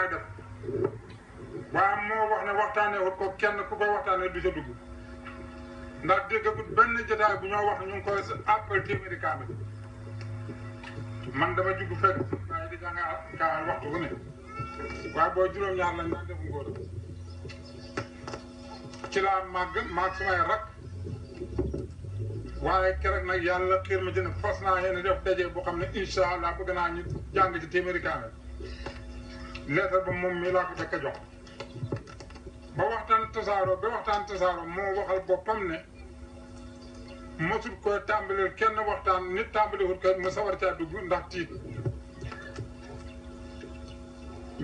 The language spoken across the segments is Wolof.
aadam moo wax ne waxtaanee wut ko kenn ku koy waxtaanee du ca dugg ndax déggagut benn jotaay bu ñoo wax ñu ngi koy appel téeméeri kaamil man dama jugg fekk waaye di jàng kaamil ci laa màgg waaye keroog nag yàlla xiir ma jënd fas naa yéen def daje boo xam ne incha allah bëgg naa ñu jàng ci téeméeri kaamil leetar ba moom mii laa ko jëkk a jox ba waxtaan tasaaroo ba waxtaan tasaaroo moo waxal boppam ne mosul ko tàmbaleel kenn waxtaan nit tàmbaliwut ko mu sawar caa dugg ndax tiit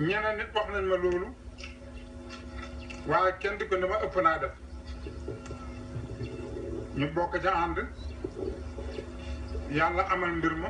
ñeneen nit wax nañ ma loolu waaye kenn du ko ne ma ëpp naa def ñu bokk ca ànd yàlla amal mbir ma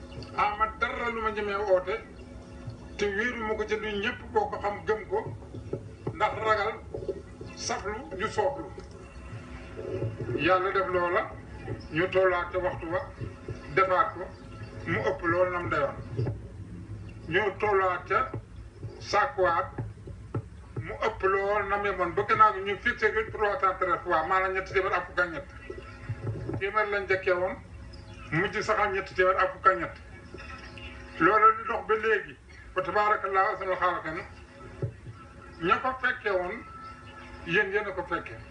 ama ah, dara lu ma ñemee oote te wéeru ma ko ca du ñëpp boo ko xam gëm ko ndax ragal saflu ñu sooblu yàlla def loola ñu tollaat ca waxtu wa defaat ko mu ëpp loolu nam dayoon ñu tollaat ca sàkkuwaat mu ëpp lool nam yemoon ba naa gi ñu fixé bi trois cent treize fois maanaam ñetti téeméer ñett téeméer lañ jëkkee woon mujj saxal ñetti téeméer ak fukk ñett loolu di dox ba léegi ba tabaarakallaahu ahsanul xaaliqiin ña ko fekke woon yéen yéen a ko fekke